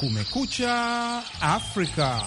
Kumekucha Afrika.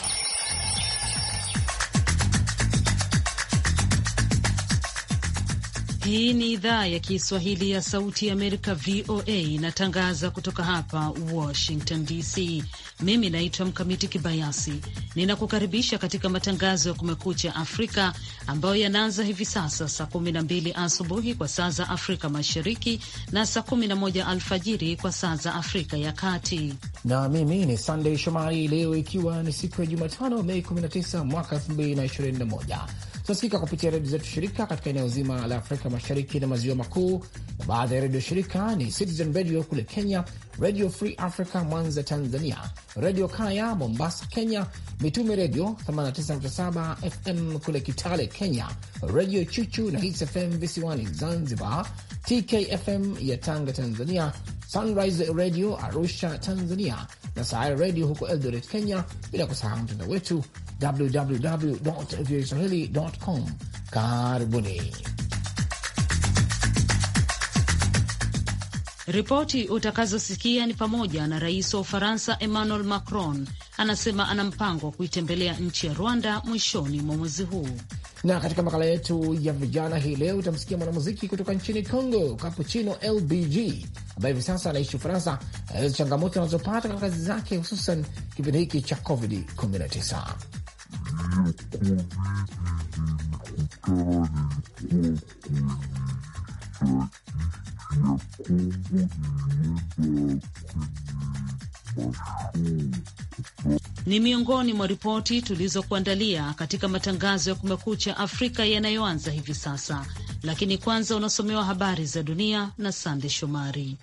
Hii ni idhaa ya Kiswahili ya Sauti ya Amerika, VOA, inatangaza kutoka hapa Washington DC. Mimi naitwa Mkamiti Kibayasi, ninakukaribisha katika matangazo ya Kumekucha Afrika ambayo yanaanza hivi sasa saa 12 asubuhi kwa saa za Afrika Mashariki na saa 11 alfajiri kwa saa za Afrika ya Kati. Na mimi ni Sandey Shomari. Leo ikiwa ni siku ya Jumatano, Mei 19 mwaka 2021 Tunasikika kupitia redio zetu shirika katika eneo zima la Afrika Mashariki na Maziwa Makuu, na baadhi ya redio shirika ni Citizen Radio kule Kenya, Radio Free Africa Mwanza Tanzania, Redio Kaya Mombasa Kenya, Mitume Redio 89.7 FM kule Kitale Kenya, Redio Chuchu na Hits FM visiwani Zanzibar, TKFM ya Tanga Tanzania, Sunrise Radio Arusha Tanzania na Sayari Radio huko Eldoret Kenya, bila kusahau mtandao wetu www.voaswahili.com. Karibuni. Ripoti utakazosikia ni pamoja na rais wa Ufaransa Emmanuel Macron anasema ana mpango wa kuitembelea nchi ya Rwanda mwishoni mwa mwezi huu, na katika makala yetu ya vijana hii leo utamsikia mwanamuziki kutoka nchini Congo, Capuchino LBG, ambaye hivi sasa anaishi Ufaransa, anaeleza changamoto anazopata kwa kazi zake, hususan kipindi hiki cha COVID-19. Ni miongoni mwa ripoti tulizokuandalia katika matangazo ya Kumekucha Afrika yanayoanza hivi sasa, lakini kwanza unasomewa habari za dunia na Sande Shomari.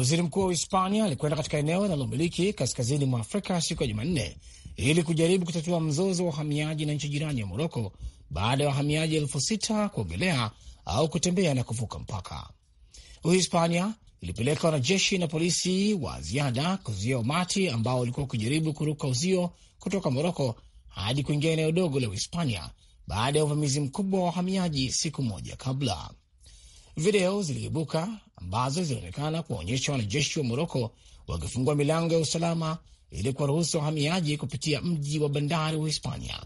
Waziri mkuu wa Uhispania alikwenda katika eneo linalomiliki kaskazini mwa Afrika siku ya Jumanne ili kujaribu kutatua mzozo wa wahamiaji na nchi jirani ya Moroko baada ya wahamiaji elfu sita kuogelea au kutembea na kuvuka mpaka. Uhispania ilipeleka wanajeshi na polisi wa ziada kuzuia umati ambao ulikuwa wakijaribu kuruka uzio kutoka Moroko hadi kuingia eneo dogo la Uhispania baada ya uvamizi mkubwa wa wahamiaji siku moja kabla. Video ziliibuka ambazo zilionekana kuwaonyesha wanajeshi wa Moroko wakifungua milango ya usalama ili kuwaruhusu wahamiaji kupitia mji wa bandari wa Hispania.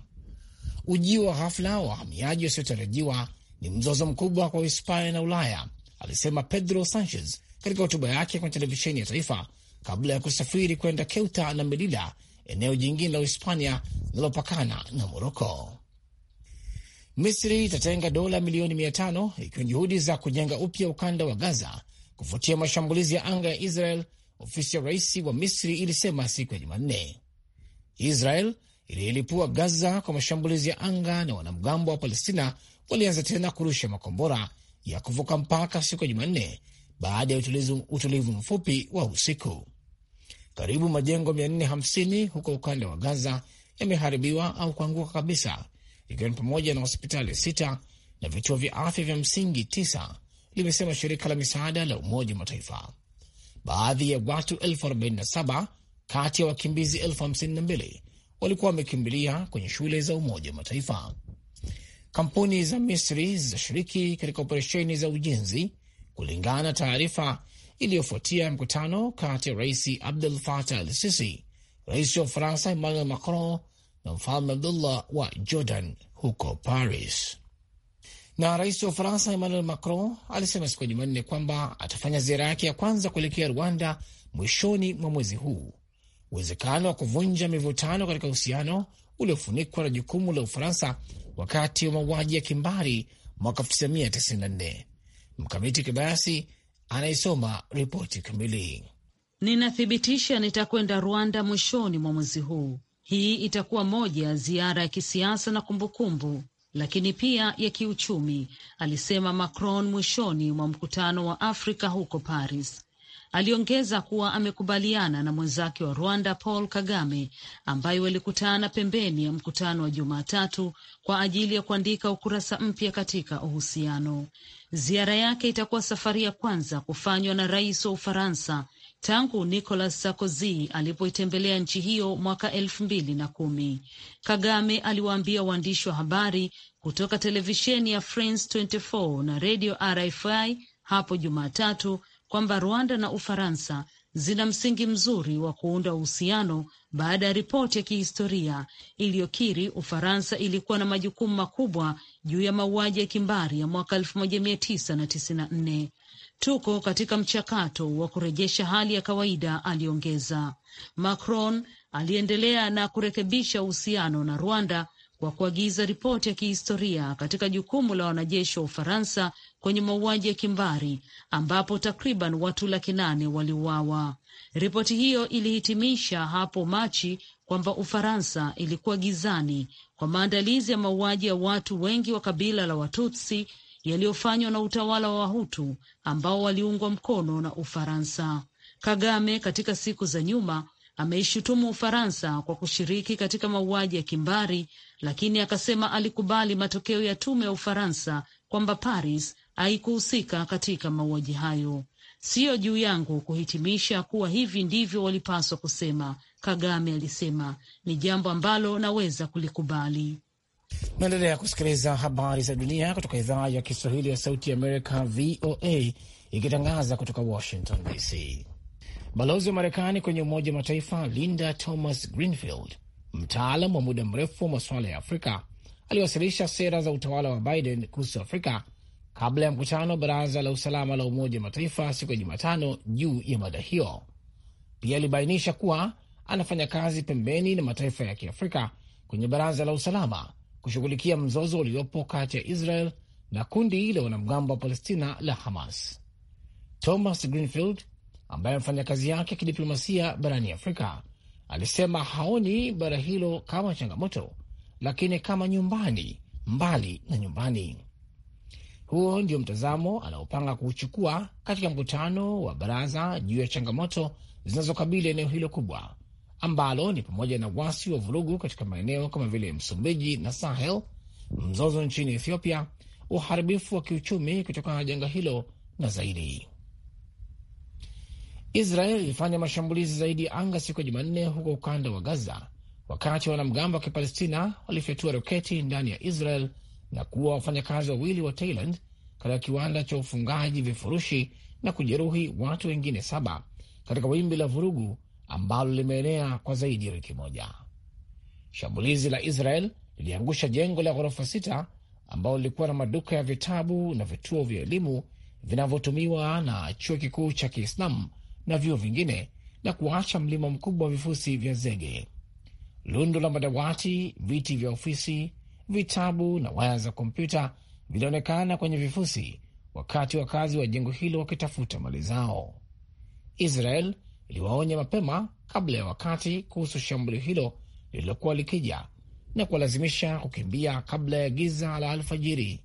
Ujio wa ghafla wa wahamiaji wasiotarajiwa ni mzozo mkubwa kwa Hispania na Ulaya, alisema Pedro Sanchez katika hotuba yake kwenye televisheni ya taifa kabla ya kusafiri kwenda Keuta na Melila, eneo jingine la Uhispania linalopakana na Moroko. Misri itatenga dola milioni mia tano ikiwa juhudi za kujenga upya ukanda wa Gaza kufuatia mashambulizi ya anga ya Israel, ofisi ya rais wa Misri ilisema siku ya Jumanne. Israel iliilipua Gaza kwa mashambulizi ya anga na wanamgambo wa Palestina walianza tena kurusha makombora ya kuvuka mpaka siku ya Jumanne baada ya utulivu, utulivu mfupi wa usiku. Karibu majengo 450 huko ukanda wa Gaza yameharibiwa au kuanguka kabisa ikiwa ni pamoja na hospitali sita na vituo vya afya vya msingi tisa, limesema shirika la misaada la Umoja wa Mataifa. Baadhi ya watu 47 kati ya wakimbizi 52 walikuwa wamekimbilia kwenye shule za Umoja wa Mataifa. Kampuni za Misri zitashiriki katika operesheni za ujenzi, kulingana na taarifa iliyofuatia mkutano kati ya Rais Abdel Fattah al Sisi, rais wa Ufaransa Emmanuel Macron na mfalme Abdullah wa Jordan huko Paris. Na rais wa Ufaransa Emmanuel Macron alisema siku ya Jumanne kwamba atafanya ziara yake ya kwanza kuelekea Rwanda mwishoni mwa mwezi huu. Uwezekano wa kuvunja mivutano katika uhusiano uliofunikwa na jukumu la Ufaransa wakati wa mauaji ya kimbari mwaka 1994. Mkamiti Kibayasi anaisoma ripoti kamili. Ninathibitisha nitakwenda Rwanda mwishoni mwa mwezi huu. Hii itakuwa moja ya ziara ya kisiasa na kumbukumbu, lakini pia ya kiuchumi, alisema Macron mwishoni mwa mkutano wa Afrika huko Paris. Aliongeza kuwa amekubaliana na mwenzake wa Rwanda Paul Kagame ambaye walikutana pembeni ya mkutano wa Jumatatu kwa ajili ya kuandika ukurasa mpya katika uhusiano. Ziara yake itakuwa safari ya kwanza kufanywa na rais wa Ufaransa tangu Nicolas Sarkozy alipoitembelea nchi hiyo mwaka elfu mbili na kumi. Kagame aliwaambia waandishi wa habari kutoka televisheni ya France 24 na redio RFI hapo Jumatatu kwamba Rwanda na Ufaransa zina msingi mzuri wa kuunda uhusiano baada ya ripoti ya kihistoria iliyokiri Ufaransa ilikuwa na majukumu makubwa juu ya mauaji ya kimbari ya mwaka 1994 tuko katika mchakato wa kurejesha hali ya kawaida, aliongeza. Macron aliendelea na kurekebisha uhusiano na Rwanda kwa kuagiza ripoti ya kihistoria katika jukumu la wanajeshi wa Ufaransa kwenye mauaji ya kimbari ambapo takriban watu laki nane waliuawa. Ripoti hiyo ilihitimisha hapo Machi kwamba Ufaransa ilikuwa gizani kwa maandalizi ya mauaji ya watu wengi wa kabila la Watutsi yaliyofanywa na utawala wa Wahutu ambao waliungwa mkono na Ufaransa. Kagame katika siku za nyuma ameishutumu Ufaransa kwa kushiriki katika mauaji ya kimbari, lakini akasema alikubali matokeo ya tume ya Ufaransa kwamba Paris haikuhusika katika mauaji hayo. Siyo juu yangu kuhitimisha kuwa hivi ndivyo walipaswa kusema, Kagame alisema. Ni jambo ambalo naweza kulikubali. Naendelea kusikiliza habari za dunia kutoka idhaa ya Kiswahili ya Sauti ya Amerika, VOA, ikitangaza kutoka Washington DC. Balozi wa Marekani kwenye Umoja wa Mataifa Linda Thomas Greenfield, mtaalam wa muda mrefu wa masuala ya Afrika, aliwasilisha sera za utawala wa Biden kuhusu Afrika kabla ya mkutano wa Baraza la Usalama la Umoja wa Mataifa siku ya Jumatano juu ya mada hiyo. Pia alibainisha kuwa anafanya kazi pembeni na mataifa ya Kiafrika kwenye Baraza la Usalama kushughulikia mzozo uliopo kati ya Israel na kundi la wanamgambo wa Palestina la Hamas. Thomas Greenfield ambaye amefanya kazi yake ya kidiplomasia barani Afrika alisema haoni bara hilo kama changamoto, lakini kama nyumbani, mbali na nyumbani. Huo ndio mtazamo anaopanga kuuchukua katika mkutano wa baraza juu ya changamoto zinazokabili eneo hilo kubwa ambalo ni pamoja na wasi wa vurugu katika maeneo kama vile Msumbiji na Sahel, mzozo nchini Ethiopia, uharibifu wa kiuchumi kutokana na janga hilo na zaidi. Israel ilifanya mashambulizi zaidi ya anga siku ya Jumanne huko ukanda wa Gaza, wakati wanamgambo wa Kipalestina walifyatua roketi ndani ya Israel na kuwa wafanyakazi wawili wa Thailand katika kiwanda cha ufungaji vifurushi na kujeruhi watu wengine saba katika wimbi la vurugu ambalo limeenea kwa zaidi ya wiki moja. Shambulizi la Israel liliangusha jengo la ghorofa sita ambalo lilikuwa na maduka ya vitabu na vituo vya elimu vinavyotumiwa na chuo kikuu cha Kiislamu na vyuo vingine na kuacha mlima mkubwa wa vifusi vya zege, lundo la madawati, viti vya ofisi, vitabu na waya za kompyuta vilionekana kwenye vifusi, wakati wakazi wa jengo hilo wakitafuta mali zao. Israel iliwaonya mapema kabla ya wakati kuhusu shambulio hilo lililokuwa likija na kuwalazimisha kukimbia kabla ya giza la alfajiri.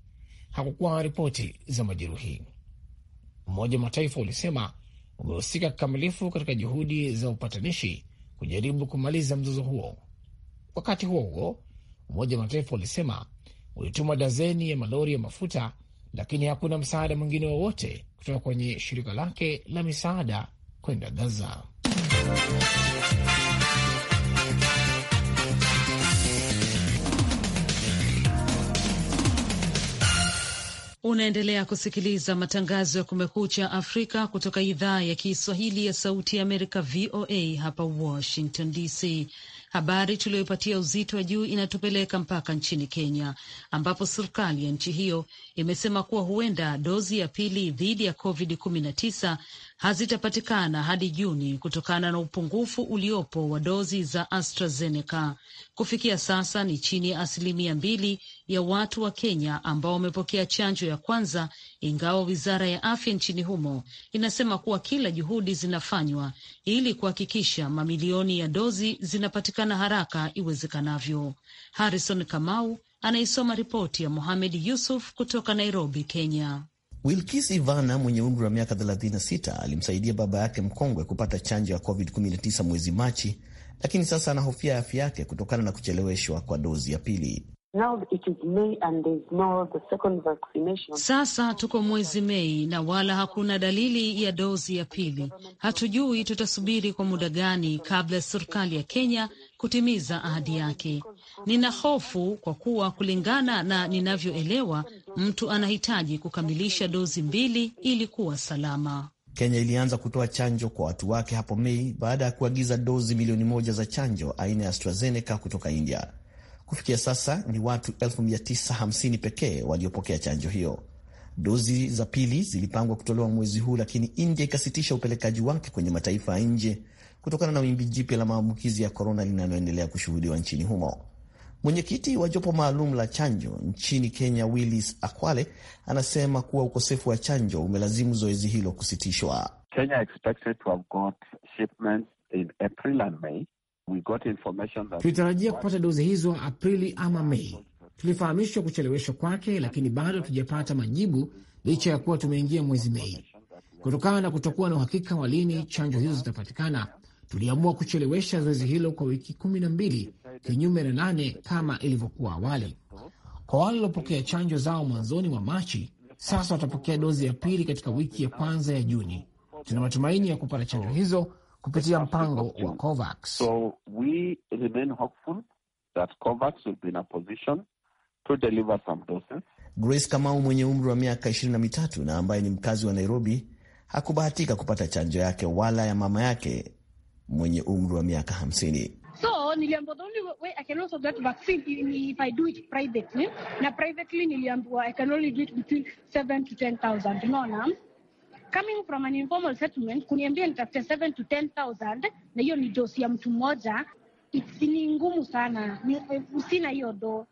Hakukuwa ripoti za majeruhi. Umoja wa Mataifa ulisema umehusika kikamilifu katika juhudi za upatanishi kujaribu kumaliza mzozo huo. Wakati huo huo, Umoja wa Mataifa ulisema ulituma dazeni ya malori ya mafuta, lakini hakuna msaada mwingine wowote kutoka kwenye shirika lake la misaada kwenda Gaza. Unaendelea kusikiliza matangazo ya Kumekucha Afrika kutoka idhaa ya Kiswahili ya Sauti ya Amerika, VOA hapa Washington DC. Habari tuliyoipatia uzito wa juu inatupeleka mpaka nchini Kenya, ambapo serikali ya nchi hiyo imesema kuwa huenda dozi ya pili dhidi ya COVID-19 hazitapatikana hadi Juni kutokana na upungufu uliopo wa dozi za AstraZeneca. Kufikia sasa ni chini ya asilimia mbili ya watu wa Kenya ambao wamepokea chanjo ya kwanza, ingawa wizara ya afya nchini humo inasema kuwa kila juhudi zinafanywa ili kuhakikisha mamilioni ya dozi zinapatikana haraka iwezekanavyo. Harrison Kamau anaisoma ripoti ya Mohamed Yusuf kutoka Nairobi, Kenya. Wilkis Ivana mwenye umri wa miaka 36 alimsaidia baba yake mkongwe kupata chanjo ya COVID-19 mwezi Machi, lakini sasa anahofia afya yake kutokana na kucheleweshwa kwa dozi ya pili. Sasa tuko mwezi Mei na wala hakuna dalili ya dozi ya pili. Hatujui tutasubiri kwa muda gani kabla ya serikali ya Kenya kutimiza ahadi yake. Nina hofu kwa kuwa kulingana na ninavyoelewa, mtu anahitaji kukamilisha dozi mbili ili kuwa salama. Kenya ilianza kutoa chanjo kwa watu wake hapo Mei baada ya kuagiza dozi milioni moja za chanjo aina ya AstraZeneca kutoka India. Kufikia sasa ni watu 950 pekee waliopokea chanjo hiyo. Dozi za pili zilipangwa kutolewa mwezi huu, lakini India ikasitisha upelekaji wake kwenye mataifa ya nje kutokana na wimbi jipya la maambukizi ya korona linaloendelea kushuhudiwa nchini humo. Mwenyekiti wa jopo maalum la chanjo nchini Kenya, Willis Akwale, anasema kuwa ukosefu wa chanjo umelazimu zoezi hilo kusitishwa. Kenya Tulitarajia kupata dozi hizo Aprili ama Mei. Tulifahamishwa kucheleweshwa kwake, lakini bado hatujapata majibu licha ya kuwa tumeingia mwezi Mei. Kutokana na kutokuwa na uhakika wa lini chanjo hizo zitapatikana, tuliamua kuchelewesha zoezi hilo kwa wiki kumi na mbili kinyume na nane kama ilivyokuwa awali. Kwa wale waliopokea chanjo zao mwanzoni mwa Machi, sasa watapokea dozi ya pili katika wiki ya kwanza ya Juni. Tuna matumaini ya kupata chanjo hizo kupitia mpango wa COVAX. So we remain hopeful that COVAX will be in a position to deliver some doses. Grace Kamau mwenye umri wa miaka ishirini na mitatu na ambaye ni mkazi wa Nairobi hakubahatika kupata chanjo yake wala ya mama yake mwenye umri wa miaka hamsini. So niliambiwa the only way I can also get vaccine if I do it privately, na privately niliambiwa I can only do it between 7 to 10,000 unaona coming from an informal settlement, kuniambia nitafute 7 to 10000 na hiyo ni dosi ya mtu mmoja, ni ngumu sana, eh, sina hiyo do.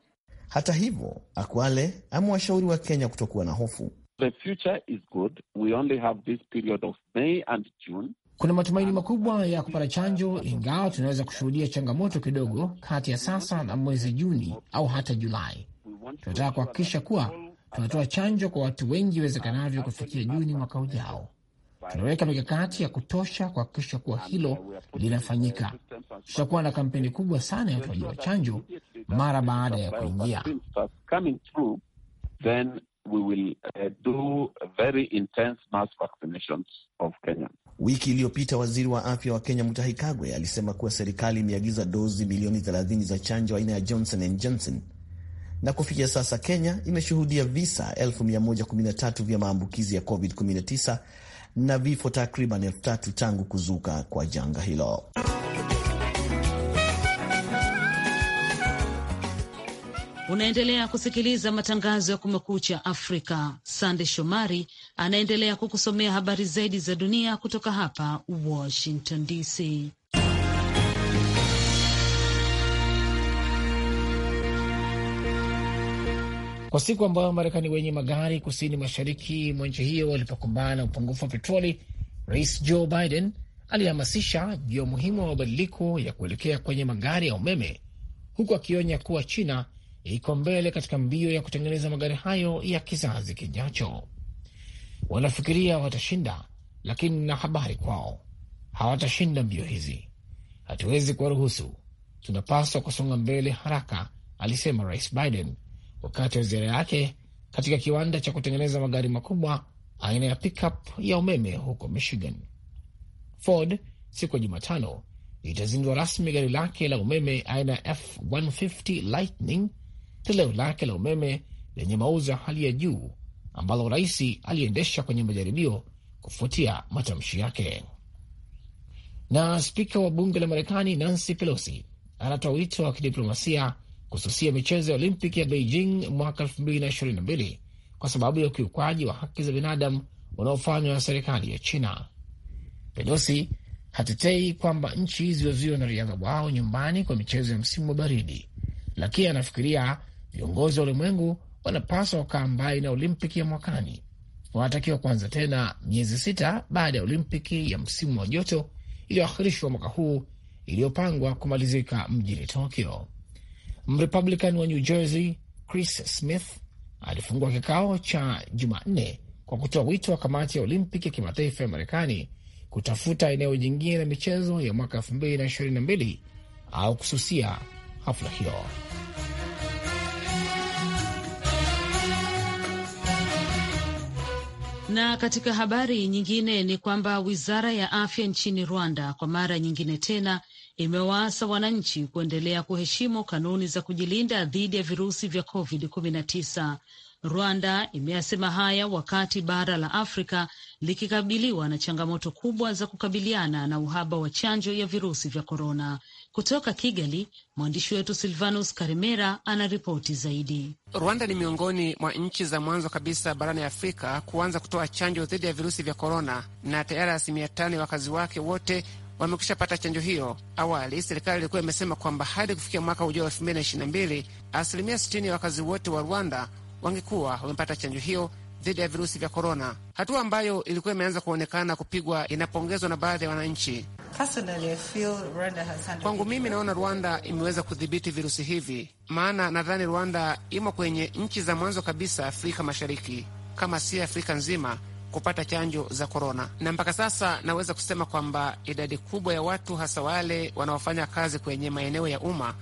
Hata hivyo, Akwale amewashauri wa Kenya kutokuwa na hofu. The future is good. We only have this period of May and June. Kuna matumaini makubwa ya kupata chanjo, ingawa tunaweza kushuhudia changamoto kidogo kati ya sasa na mwezi Juni au hata Julai. Tunataka kuhakikisha kuwa tunatoa chanjo kwa watu wengi iwezekanavyo kufikia Juni mwaka ujao. Tunaweka mikakati ya kutosha kuhakikisha kuwa hilo linafanyika. Tutakuwa na kampeni kubwa sana ya utoaji wa chanjo mara baada ya kuingia. Uh, Wiki iliyopita waziri wa afya wa Kenya Mutahi Kagwe alisema kuwa serikali imeagiza dozi milioni 30 za chanjo aina ya Johnson and Johnson na kufikia sasa Kenya imeshuhudia visa 113 vya maambukizi ya COVID-19 na vifo takriban 3 tangu kuzuka kwa janga hilo. Unaendelea kusikiliza matangazo ya Kumekucha Afrika. Sande Shomari anaendelea kukusomea habari zaidi za dunia kutoka hapa Washington DC. kwa siku ambayo Marekani wenye magari kusini mashariki mwa nchi hiyo walipokumbana na upungufu wa petroli. Rais Joe Biden alihamasisha juu ya umuhimu wa mabadiliko ya kuelekea kwenye magari ya umeme, huku akionya kuwa China iko mbele katika mbio ya kutengeneza magari hayo ya kizazi kijacho. Wanafikiria watashinda, lakini na habari kwao, hawatashinda mbio hizi. Hatuwezi kuwaruhusu, tunapaswa kusonga mbele haraka, alisema Rais Biden wakati wa ziara yake katika kiwanda cha kutengeneza magari makubwa aina ya pickup ya umeme huko Michigan. Ford siku ya Jumatano itazindua rasmi gari lake la umeme aina ya F150 Lightning, toleo lake la umeme lenye mauzo ya hali ya juu ambalo rais aliendesha kwenye majaribio kufuatia matamshi yake. Na spika wa bunge la Marekani Nancy Pelosi anatoa wito wa kidiplomasia kususia michezo ya Olimpiki ya Beijing mwaka 2022 kwa sababu ya ukiukwaji wa haki za binadamu unaofanywa na serikali ya China. Pelosi hatetei kwamba nchi ziwaziwe na riadha wao nyumbani kwa michezo ya msimu wa baridi, lakini anafikiria viongozi wa ulimwengu wanapaswa wakaa mbali na Olimpiki ya mwakani. Wanatakiwa kuanza tena miezi sita baada ya Olimpiki ya msimu wa joto iliyoakhirishwa mwaka huu iliyopangwa kumalizika mjini Tokyo. Mrepublican wa New Jersey Chris Smith alifungua kikao cha Jumanne kwa kutoa wito wa kamati ya Olimpiki ya kimataifa ya Marekani kutafuta eneo jingine la michezo ya mwaka 2022 au kususia hafla hiyo. Na katika habari nyingine ni kwamba wizara ya afya nchini Rwanda kwa mara nyingine tena imewaasa wananchi kuendelea kuheshimu kanuni za kujilinda dhidi ya virusi vya COVID-19 Rwanda imeyasema haya wakati bara la Afrika likikabiliwa na changamoto kubwa za kukabiliana na uhaba wa chanjo ya virusi vya korona. Kutoka Kigali, mwandishi wetu Silvanus Karimera ana ripoti zaidi. Rwanda ni miongoni mwa nchi za mwanzo kabisa barani Afrika kuanza kutoa chanjo dhidi ya virusi vya korona, na tayari asilimia tano ya wakazi wake wote wamekwisha pata chanjo hiyo. Awali serikali ilikuwa imesema kwamba hadi kufikia mwaka ujao wa elfu mbili na ishirini na mbili asilimia sitini ya wakazi wote wa Rwanda wangekuwa wamepata chanjo hiyo dhidi ya virusi vya korona, hatua ambayo ilikuwa imeanza kuonekana kupigwa inapongezwa na baadhi ya wananchi. Kwangu mimi naona Rwanda imeweza kudhibiti virusi hivi, maana nadhani Rwanda imo kwenye nchi za mwanzo kabisa Afrika Mashariki, kama si Afrika nzima kupata chanjo za korona, na mpaka sasa naweza kusema kwamba idadi kubwa ya watu, hasa wale wanaofanya kazi kwenye maeneo ya umma,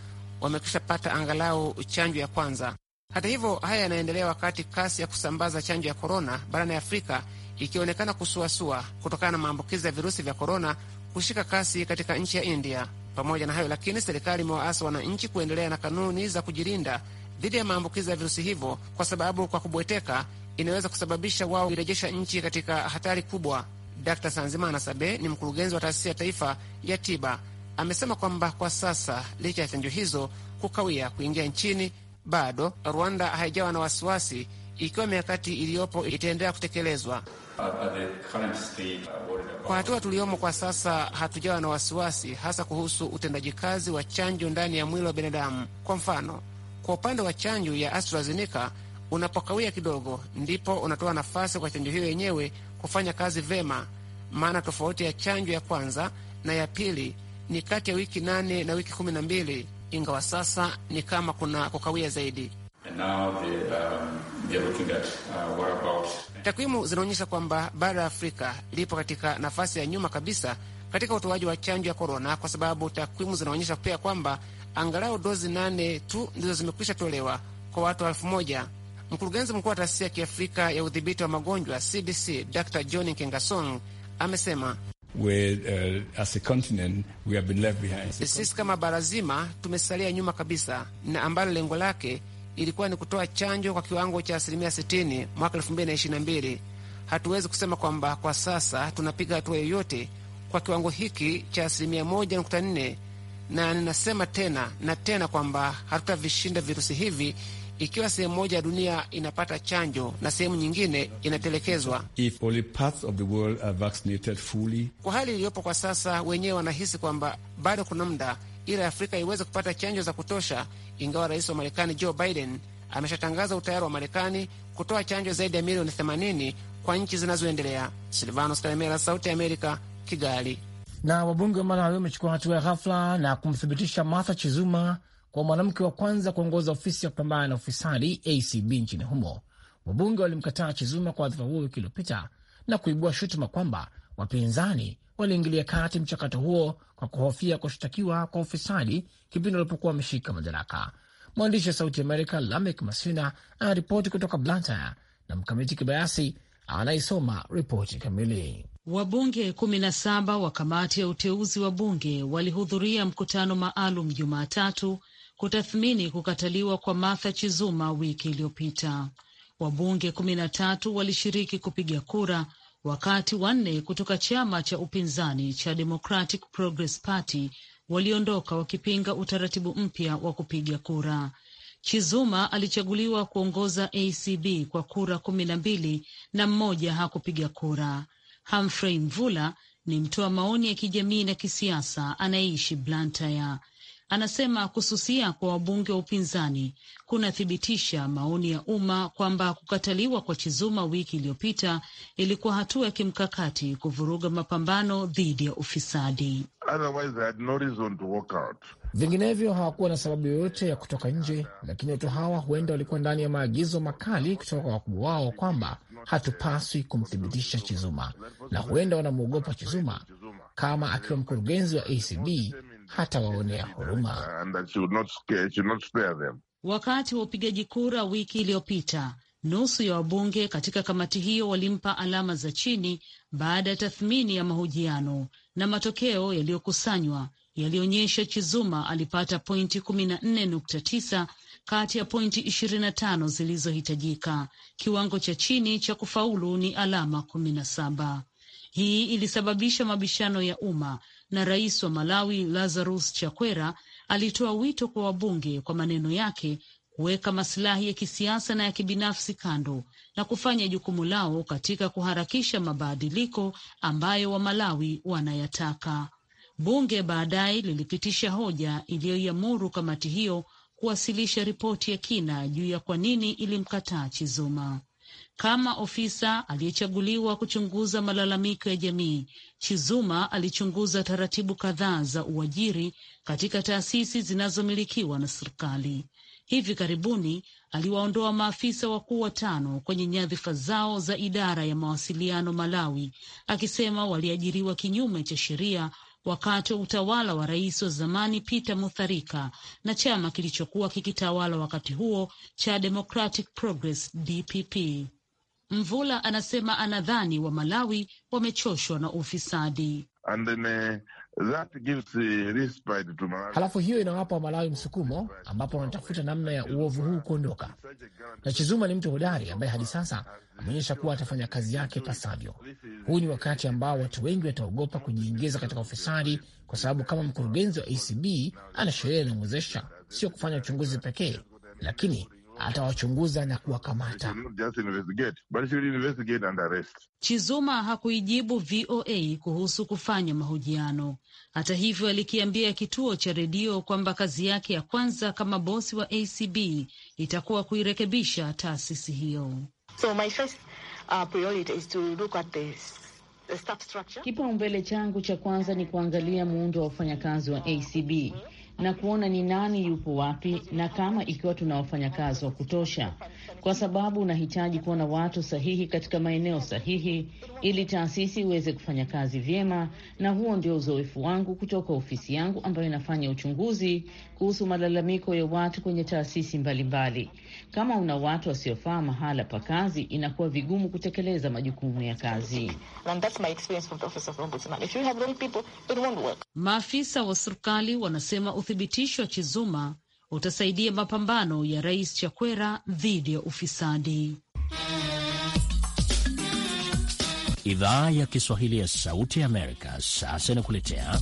wamekwisha pata angalau chanjo ya kwanza. Hata hivyo, haya yanaendelea wakati kasi ya kusambaza chanjo ya korona barani Afrika ikionekana kusuasua kutokana na maambukizi ya virusi vya korona kushika kasi katika nchi ya India. Pamoja na hayo lakini, serikali imewaasa wananchi kuendelea na kanuni za kujilinda dhidi ya maambukizi ya virusi hivyo, kwa sababu kwa kubweteka inaweza kusababisha wao kuirejesha nchi katika hatari kubwa. Dr Sanzimana Sabe ni mkurugenzi wa taasisi ya taifa ya tiba, amesema kwamba kwa sasa licha ya chanjo hizo kukawia kuingia nchini bado Rwanda haijawa na wasiwasi ikiwa mikakati iliyopo itaendelea kutekelezwa. Kwa hatua tuliyomo kwa sasa, hatujawa na wasiwasi hasa kuhusu utendaji kazi wa chanjo ndani ya mwili wa binadamu. Kwa mfano, kwa upande wa chanjo ya AstraZeneca, unapokawia kidogo, ndipo unatoa nafasi kwa chanjo hiyo yenyewe kufanya kazi vema. Maana tofauti ya chanjo ya kwanza na ya pili ni kati ya wiki nane na wiki kumi na mbili ingawa sasa ni kama kuna kukawia zaidi. Um, uh, takwimu zinaonyesha kwamba bara ya Afrika lipo katika nafasi ya nyuma kabisa katika utoaji wa chanjo ya korona, kwa sababu takwimu zinaonyesha pia kwamba angalau dozi nane tu ndizo zimekwisha tolewa kwa watu elfu moja. Mkurugenzi mkuu wa taasisi ya kiafrika ya udhibiti wa magonjwa CDC, Dr John Nkengasong amesema Uh, Sisi kama bara zima tumesalia nyuma kabisa, na ambalo lengo lake ilikuwa ni kutoa chanjo kwa kiwango cha asilimia 60 mwaka 2022. Hatuwezi kusema kwamba kwa sasa tunapiga hatua yoyote kwa kiwango hiki cha asilimia 1.4, na ninasema tena na tena kwamba hatutavishinda virusi hivi ikiwa sehemu moja ya dunia inapata chanjo na sehemu nyingine inatelekezwa. Kwa hali iliyopo kwa sasa, wenyewe wanahisi kwamba bado kuna muda ila Afrika iweze kupata chanjo za kutosha, ingawa rais wa Marekani Joe Biden ameshatangaza utayari wa Marekani kutoa chanjo zaidi ya milioni 80 kwa nchi zinazoendelea. Silvanos Kalemera, Sauti Amerika, Kigali. Na wabunge wa Malawi wamechukua hatua ya ghafla na kumthibitisha Martha Chizuma kwa mwanamke wa kwanza kuongoza ofisi ya kupambana na ufisadi ACB nchini humo. Wabunge walimkataa Chizuma kwa wadhifa huo wiki iliyopita na kuibua shutuma kwamba wapinzani waliingilia kati mchakato huo kwa kuhofia kushtakiwa kwa ufisadi kipindi walipokuwa wameshika madaraka. Mwandishi wa Sauti Amerika Lamek Masina anaripoti kutoka Blantyre na Mkamiti Kibayasi anayesoma ripoti kamili. Wabunge kumi na saba wa kamati ya uteuzi wa bunge walihudhuria mkutano maalum Jumatatu kutathmini kukataliwa kwa Martha Chizuma wiki iliyopita. Wabunge kumi na tatu walishiriki kupiga kura, wakati wanne kutoka chama cha upinzani cha Democratic Progress Party waliondoka wakipinga utaratibu mpya wa kupiga kura. Chizuma alichaguliwa kuongoza ACB kwa kura kumi na mbili na mmoja hakupiga kura. Humphrey Mvula ni mtoa maoni ya kijamii na kisiasa anayeishi Blantyre. Anasema kususia kwa wabunge wa upinzani kunathibitisha maoni ya umma kwamba kukataliwa kwa Chizuma wiki iliyopita ilikuwa hatua ya kimkakati kuvuruga mapambano dhidi ya ufisadi. Vinginevyo hawakuwa na sababu yoyote ya kutoka nje, lakini watu hawa huenda walikuwa ndani ya maagizo makali kutoka kwa wakubwa wao kwamba hatupaswi kumthibitisha Chizuma, na huenda wanamwogopa Chizuma kama akiwa mkurugenzi wa ACB hata waonea huruma. Wakati wa upigaji kura wiki iliyopita, nusu ya wabunge katika kamati hiyo walimpa alama za chini baada ya tathmini ya mahojiano, na matokeo yaliyokusanywa yalionyesha Chizuma alipata pointi kumi na nne nukta tisa kati ya pointi 25 zilizohitajika. Kiwango cha chini cha kufaulu ni alama kumi na saba. Hii ilisababisha mabishano ya umma na rais wa Malawi Lazarus Chakwera alitoa wito kwa wabunge, kwa maneno yake, kuweka masilahi ya kisiasa na ya kibinafsi kando na kufanya jukumu lao katika kuharakisha mabadiliko ambayo Wamalawi wanayataka. Bunge baadaye lilipitisha hoja iliyoiamuru kamati hiyo kuwasilisha ripoti ya kina juu ya kwa nini ilimkataa Chizuma. Kama ofisa aliyechaguliwa kuchunguza malalamiko ya jamii, Chizuma alichunguza taratibu kadhaa za uajiri katika taasisi zinazomilikiwa na serikali. Hivi karibuni aliwaondoa maafisa wakuu watano kwenye nyadhifa zao za idara ya mawasiliano Malawi, akisema waliajiriwa kinyume cha sheria wakati wa utawala wa rais wa zamani Peter Mutharika na chama kilichokuwa kikitawala wakati huo cha Democratic Progress DPP. Mvula anasema anadhani wa Malawi wamechoshwa na ufisadi. And then, uh, That gives the respite to Malawi. Halafu hiyo inawapa Malawi msukumo ambapo wanatafuta namna ya uovu huu kuondoka. Na Chizuma ni mtu hodari ambaye hadi sasa ameonyesha kuwa atafanya kazi yake pasavyo. Huu ni wakati ambao watu wengi wataogopa kujiingiza katika ufisadi, kwa sababu kama mkurugenzi wa ACB ana sheria inamwezesha sio kufanya uchunguzi pekee, lakini atawachunguza na kuwakamata. Chizuma hakuijibu VOA kuhusu kufanya mahojiano. Hata hivyo, alikiambia kituo cha redio kwamba kazi yake ya kwanza kama bosi wa ACB itakuwa kuirekebisha taasisi hiyo. So my first, uh, Kipaumbele changu cha kwanza ni kuangalia muundo wa wafanyakazi wa ACB na kuona ni nani yupo wapi na kama ikiwa tuna wafanyakazi wa kutosha, kwa sababu unahitaji kuwa na watu sahihi katika maeneo sahihi ili taasisi iweze kufanya kazi vyema. Na huo ndio uzoefu wangu kutoka ofisi yangu ambayo inafanya uchunguzi kuhusu malalamiko ya watu kwenye taasisi mbalimbali. Kama una watu wasiofaa mahala pa kazi, inakuwa vigumu kutekeleza majukumu ya kazi. Maafisa wa serikali wanasema uthibitisho wa Chizuma utasaidia mapambano ya Rais Chakwera dhidi ya ufisadi. Idhaa ya Kiswahili ya Sauti ya Amerika sasa inakuletea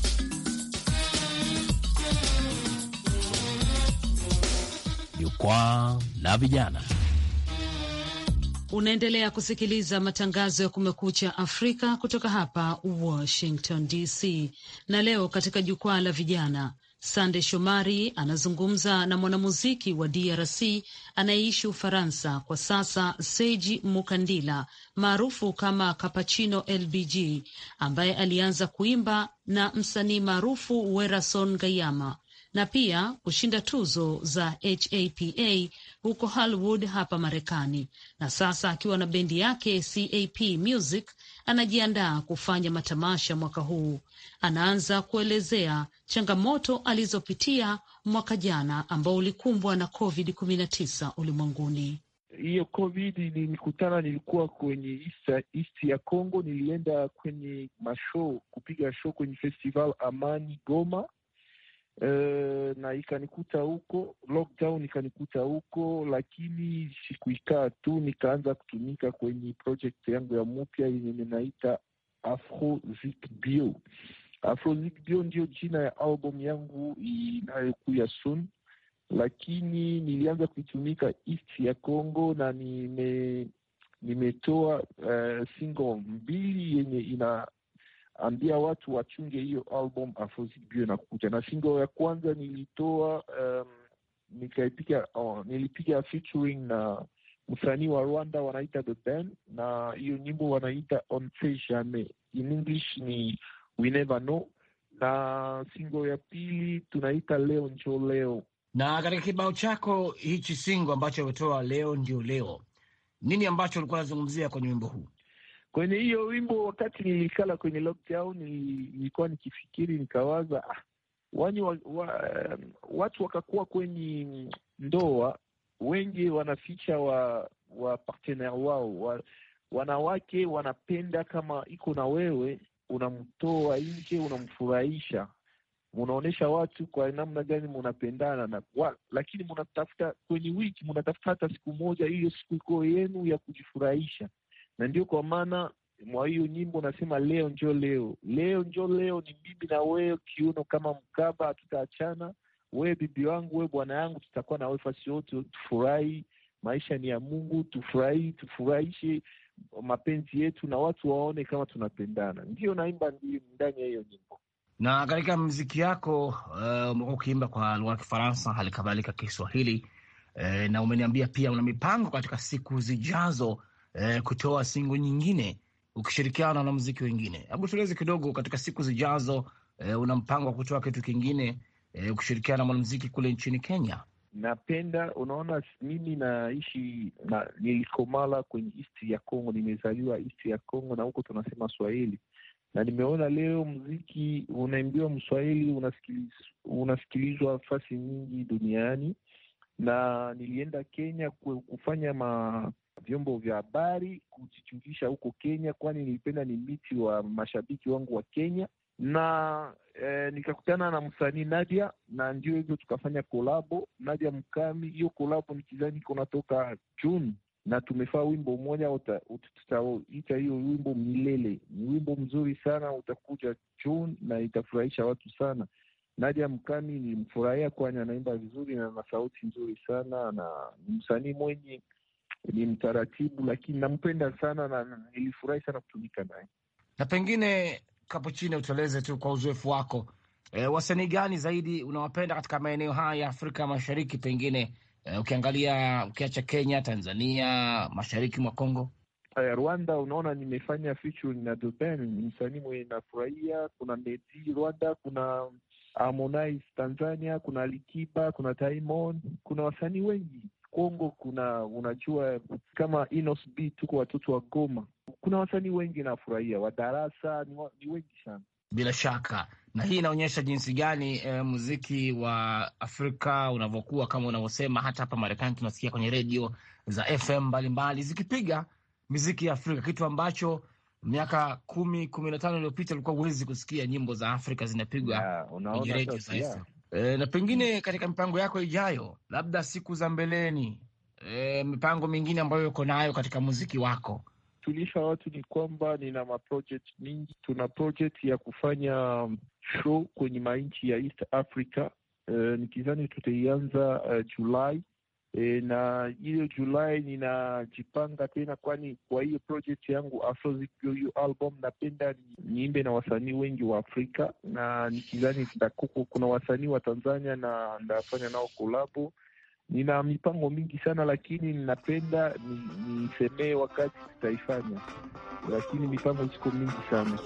jukwaa la vijana. Unaendelea kusikiliza matangazo ya Kumekucha Afrika kutoka hapa Washington DC, na leo katika jukwaa la vijana Sande Shomari anazungumza na mwanamuziki wa DRC anayeishi Ufaransa kwa sasa, Seji Mukandila maarufu kama Kapachino LBG, ambaye alianza kuimba na msanii maarufu Werason Gayama na pia kushinda tuzo za HAPA huko Hollywood hapa Marekani, na sasa akiwa na bendi yake CAP Music anajiandaa kufanya matamasha mwaka huu. Anaanza kuelezea changamoto alizopitia mwaka jana ambao ulikumbwa na COVID 19 ulimwenguni. Hiyo COVID nilikutana, nilikuwa kwenye east, ya Congo, nilienda kwenye mashow kupiga show kwenye festival Amani Goma e, na ikanikuta huko lockdown ikanikuta huko, lakini sikuikaa tu, nikaanza kutumika kwenye project yangu ya mupya yenye ninaita Afrozik Bio. Afrozik Bio ndiyo jina ya album yangu inayokuya soon, lakini nilianza kuitumika east ya Congo na nime nimetoa uh, single mbili yenye ina ambia watu wachunge hiyo album Afrozibio na kukuta na singo ya kwanza nilitoa um, nikaipiga oh, nilipiga featuring na msanii wa Rwanda wanaita The Ben na hiyo nyimbo wanaita On Sait Jamais, in English ni We Never Know, na singo ya pili tunaita Leo Njo Leo. Na katika kibao chako hichi singo ambacho umetoa Leo Ndio Leo, nini ambacho ulikuwa unazungumzia kwenye wimbo huu? Kwenye hiyo wimbo, wakati nilikala kwenye lockdown, nilikuwa nikifikiri nikawaza, ah, wani wa, wa, um, watu wakakuwa kwenye ndoa wengi wanaficha wa, wa partenaire wao wa, wanawake wanapenda kama iko na wewe, unamtoa nje, unamfurahisha, munaonyesha watu kwa namna gani munapendana na wa, lakini munatafuta kwenye wiki, munatafuta hata siku moja, hiyo siku iko yenu ya kujifurahisha na ndio kwa maana mwa hiyo nyimbo unasema leo njo leo, leo njo leo, ni mimi na wewe kiuno kama mkaba, hatutaachana. Wewe bibi wangu, wewe bwana yangu, tutakuwa na wefasi yote. Tufurahi, maisha ni ya Mungu, tufurahi, tufurahishe mapenzi yetu na watu waone kama tunapendana. Ndiyo naimba ndani ya hiyo nyimbo. Na katika mziki yako eh, umekuwa uh, ukiimba kwa lugha ya Kifaransa hali kadhalika Kiswahili uh, na umeniambia pia una mipango katika siku zijazo eh, kutoa singo nyingine ukishirikiana na muziki wengine. Hebu tueleze kidogo, katika siku zijazo eh, una mpango wa kutoa kitu kingine eh, ukishirikiana na mwanamuziki kule nchini Kenya? Napenda, unaona, mimi naishi na nilikomala kwenye east ya Congo, nimezaliwa east ya Congo na huko tunasema Swahili na nimeona leo mziki unaimbiwa Mswahili unasikilizwa, unasikilizwa fasi nyingi duniani, na nilienda Kenya kufanya ma vyombo vya habari kujichungisha huko Kenya, kwani nilipenda ni miti wa mashabiki wangu wa Kenya na e, nikakutana na msanii Nadia na ndio hivyo tukafanya kolabo Nadia Mkami. Hiyo kolabo nikizani konatoka Juni na tumefaa wimbo mmoja, tutaita hiyo wimbo Milele. Ni wimbo mzuri sana, utakuja Juni na itafurahisha watu sana. Nadia Mkami nilimfurahia, kwani anaimba vizuri na ana sauti nzuri sana, na ni msanii mwenye ni mtaratibu, lakini nampenda sana na nilifurahi sana kutumika naye. Na pengine Kapuchina, utueleze tu kwa uzoefu wako e, wasanii gani zaidi unawapenda katika maeneo haya ya Afrika Mashariki, pengine e, ukiangalia ukiacha Kenya, Tanzania, mashariki mwa Kongo Rwanda unaona, nimefanya feature na Dopen, msanii mwenye nafurahia. Kuna Medi Rwanda, kuna Harmonize Tanzania, kuna Alikiba, kuna Taimon, kuna wasanii wengi Kongo kuna unajua, kama Inos B tuko watoto wa Goma, kuna wasanii wengi nafurahia wa darasa ni, wa, ni wengi sana bila shaka, na hii inaonyesha jinsi gani e, muziki wa Afrika unavyokuwa kama unavyosema. Hata hapa Marekani tunasikia kwenye redio za FM mbalimbali mbali, zikipiga miziki ya Afrika, kitu ambacho miaka kumi kumi na tano iliyopita ulikuwa huwezi kusikia nyimbo za Afrika zinapigwa yeah, kwenye redio za FM. E, na pengine katika mipango yako ijayo, labda siku za mbeleni, e, mipango mingine ambayo uko nayo katika muziki wako? Tulisha watu ni kwamba nina maproject mingi. Tuna project ya kufanya show kwenye manchi ya East Africa. E, nikizani tutaianza uh, e, Julai e, na hiyo Julai ninajipanga tena, kwani kwa hiyo project yangu Afrozik, hiyo album napenda niimbe na wasanii wengi wa Afrika, na nikizani takuko kuna wasanii wa Tanzania na ndafanya nao kolabo nina mipango mingi sana lakini ninapenda nisemee ni wakati tutaifanya, lakini mipango ziko mingi sana.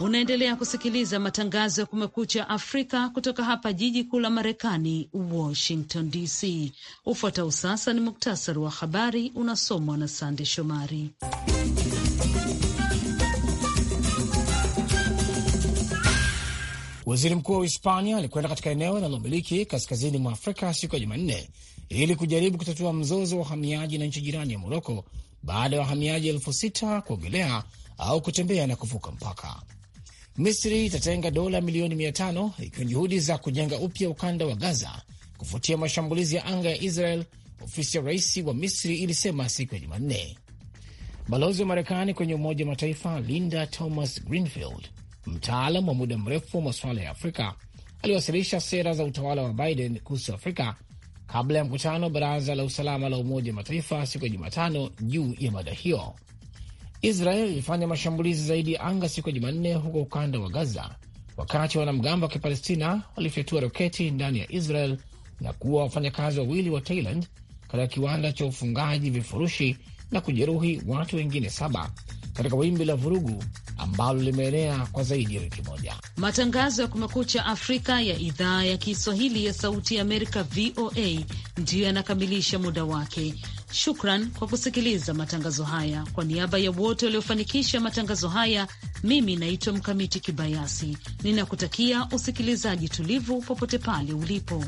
Unaendelea kusikiliza matangazo ya Kumekucha Afrika kutoka hapa jiji kuu la Marekani, Washington DC. Ufuatao sasa ni muktasari wa habari unasomwa na Sande Shomari. Waziri mkuu wa hispania alikwenda katika eneo linalomiliki kaskazini mwa Afrika siku ya Jumanne ili kujaribu kutatua mzozo wa wahamiaji na nchi jirani ya Moroko baada ya wahamiaji elfu sita kuogelea au kutembea na kuvuka mpaka. Misri itatenga dola milioni mia tano ikiwa juhudi za kujenga upya ukanda wa Gaza kufuatia mashambulizi ya anga ya Israel, ofisi ya rais wa Misri ilisema siku ya Jumanne. Balozi wa Marekani kwenye Umoja wa Mataifa Linda Thomas Greenfield, mtaalam wa muda mrefu wa masuala ya Afrika, aliwasilisha sera za utawala wa Biden kuhusu Afrika kabla ya mkutano wa Baraza la Usalama la Umoja wa Mataifa siku ya Jumatano juu ya mada hiyo. Israel ilifanya mashambulizi zaidi ya anga siku ya Jumanne huko ukanda wa Gaza, wakati wanamgambo wa Kipalestina walifyatua roketi ndani ya Israel na kuwa wafanyakazi wawili wa Thailand katika kiwanda cha ufungaji vifurushi na kujeruhi watu wengine saba katika wimbi la vurugu ambalo limeenea kwa zaidi ya wiki moja. Matangazo ya Kumekucha Afrika ya idhaa ya Kiswahili ya Sauti ya Amerika, VOA, ndiyo yanakamilisha muda wake. Shukran kwa kusikiliza matangazo haya. Kwa niaba ya wote waliofanikisha matangazo haya, mimi naitwa Mkamiti Kibayasi, ninakutakia usikilizaji tulivu popote pale ulipo.